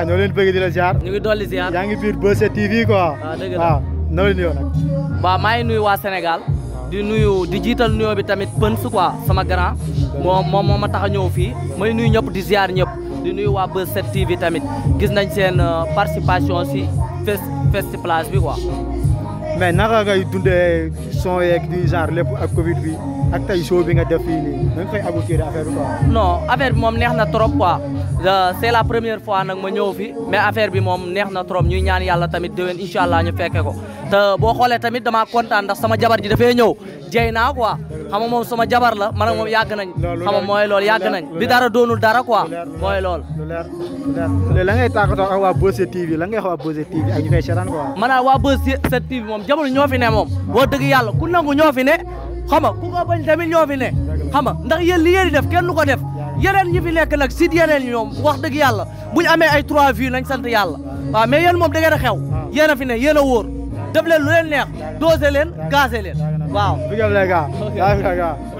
waaw ah, ñoo leen di la ñu ngi dolli ziar yaa ngi biir Bose TV quoi. waaw ah, dëgg la ah, waaw noo leen yow nag. maa ngi nuyu waa senegal di nuyu di jiital nuyoo bi tamit Pëns quoi sama grand. moom moom moo ma tax a ñëw fii may nuyu ñëpp di ziar ñëpp. di nuyu waa Buzz 7 TV tamit gis nañ seen euh, participation si fest festival bi quoi. mais naka ngay dundee son yeeg du genre lépp ak Covid bi ak tay show bi nga def fi ni da nga fay aboutir affaire quoi. non affaire bi moom neex na trop quoi euh, c'est la première fois nak ma ñëw fi mais affaire bi mom neex na trop ñuy ñaan yalla tamit déwén inshallah ñu fekke ko te bo xolé tamit dama kontaan ndax sama jabar ji dafay ñëw jeyna quoi. xam moom sama jabar la man ak moom yàgg nañ xam nga mooy lool yàgg nañ bi dara doonul dara quoi mooy loolu lu leer léegi la ngay tàggatoo ak waa Buzz TV la ngay wax waa Buzz TV ak ñu koy seetaan quoi maanaam waa Buzz moom jamono ñoo fi ne moom boo dëgg yàlla ku nangu ñoo fi ne xam nga ku ko bañ tamit ñoo fi xam nga ndax yéen li def kenn du ko def yeneen ñi fi nekk nag si yeneen ñoom wax dëgg yàlla buñ amee ay trois vues nañ sant yàlla wa mais yéen moom da a xew yéen fi ne yéen a wóor def leen lu leen neex doose leen gaase leen waaw. la